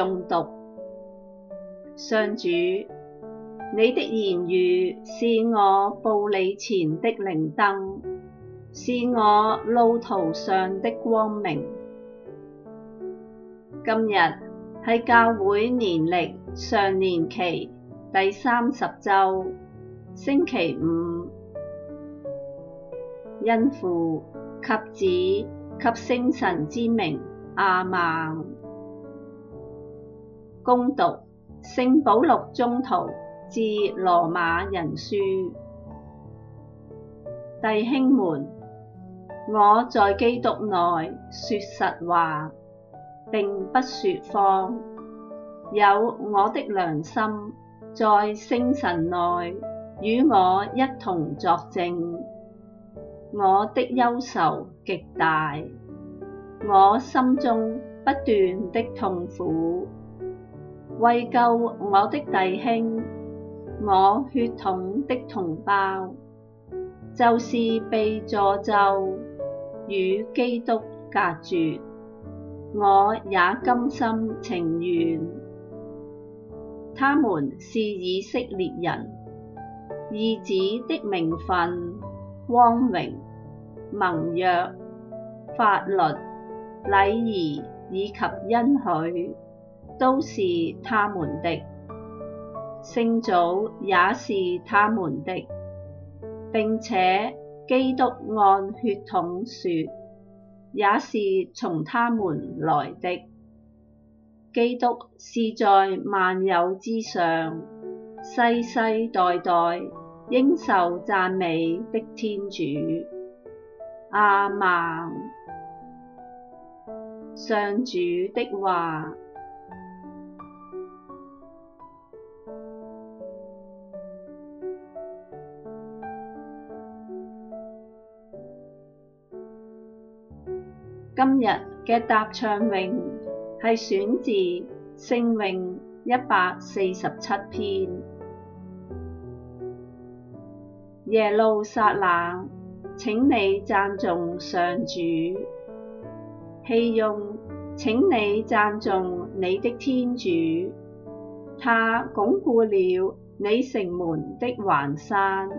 誦讀，上主，你的言語是我步履前的靈燈，是我路途上的光明。今日係教會年曆常年期第三十周星期五，因父及子及聖神之名，阿孟。恭讀《聖保祿宗徒致《羅馬人書》，弟兄們，我在基督內說實話，並不說謊，有我的良心在聖神內與我一同作證，我的憂愁極大，我心中不斷的痛苦。為救我的弟兄，我血統的同胞，就是被詛咒，與基督隔絕，我也甘心情願。他們是以色列人，義子的名分、光榮、盟約、法律、禮儀以及恩許。都是他們的，聖祖也是他們的，並且基督按血統說，也是從他們來的。基督是在萬有之上，世世代代應受讚美的天主。亞孟，上主的話。嘅答唱詠係選自聖詠一百四十七篇。耶路撒冷，請你讚頌上主，熙雍，請你讚頌你的天主。他鞏固了你城門的橫閂，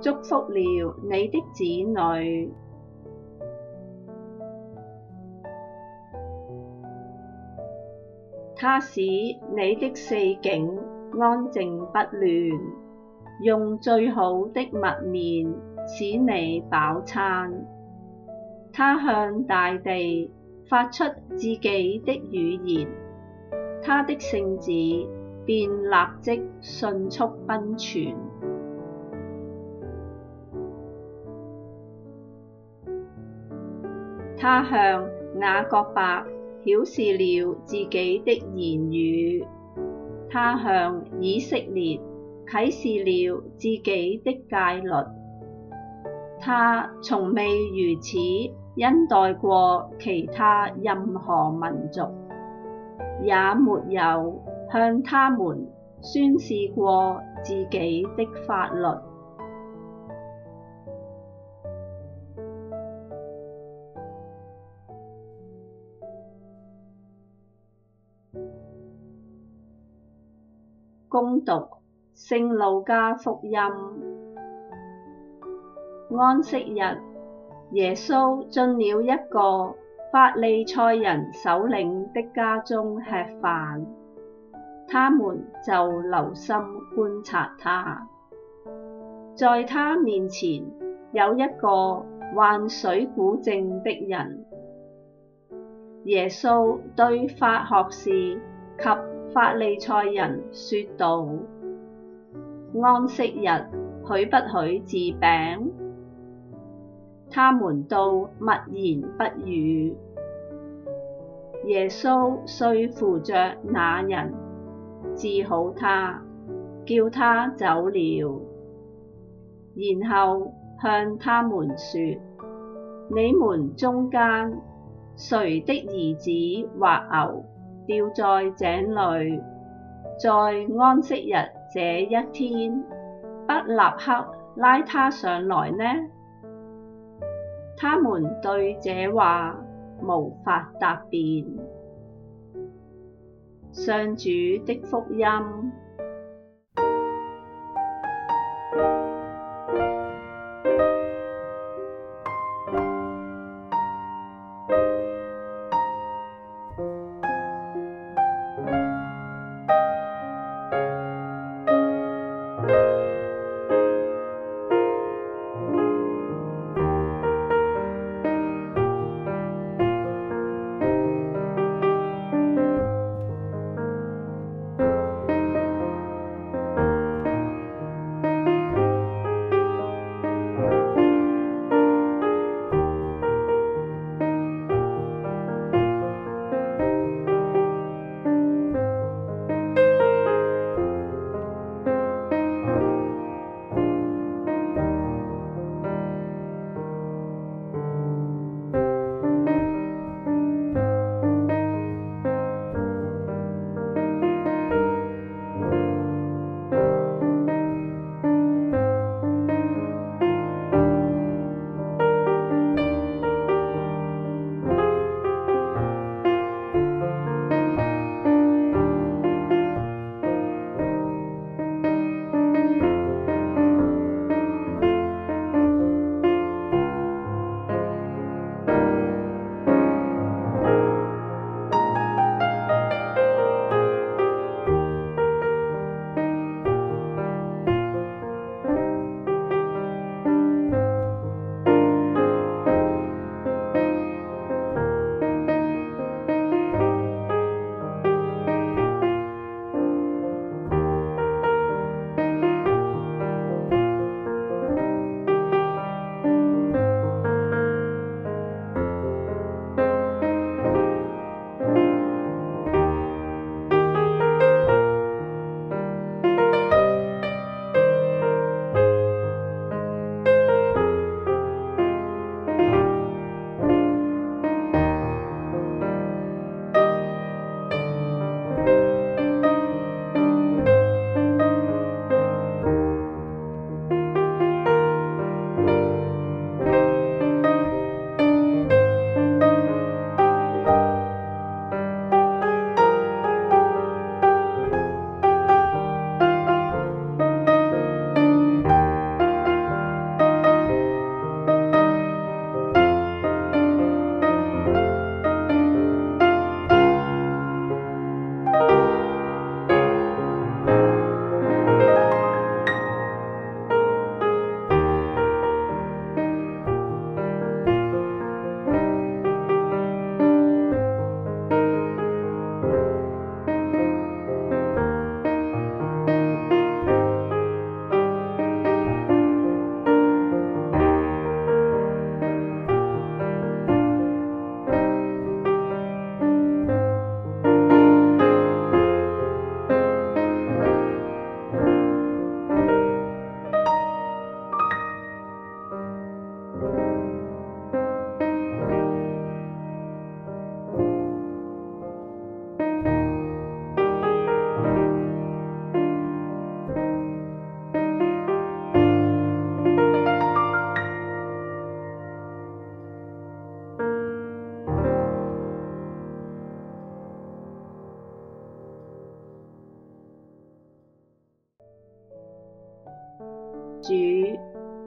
祝福了你的子女。他使你的四境安靜不亂，用最好的麥麵使你飽餐。他向大地發出自己的語言，他的聖旨便立即迅速奔傳。他向雅各伯曉示了自己的言語，他向以色列啟示了自己的誡律，他從未如此恩待過其他任何民族，也沒有向他們宣示過自己的法律。恭讀《聖路加福音》安息日，耶穌進了一個法利塞人首領的家中吃飯，他們就留心觀察他。在他面前有一個患水臌症的人，耶穌對法學士及法利塞人說道：安息日許不許治病？他們都默然不語。耶穌遂扶着那人，治好他，叫他走了。然後向他們說：你們中間，誰的兒子或牛掉在井裏，在安息日這一天，不立刻拉他上來呢？他們對這話無法答辯。上主的福音。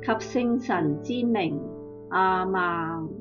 及聖神之名，亞孟。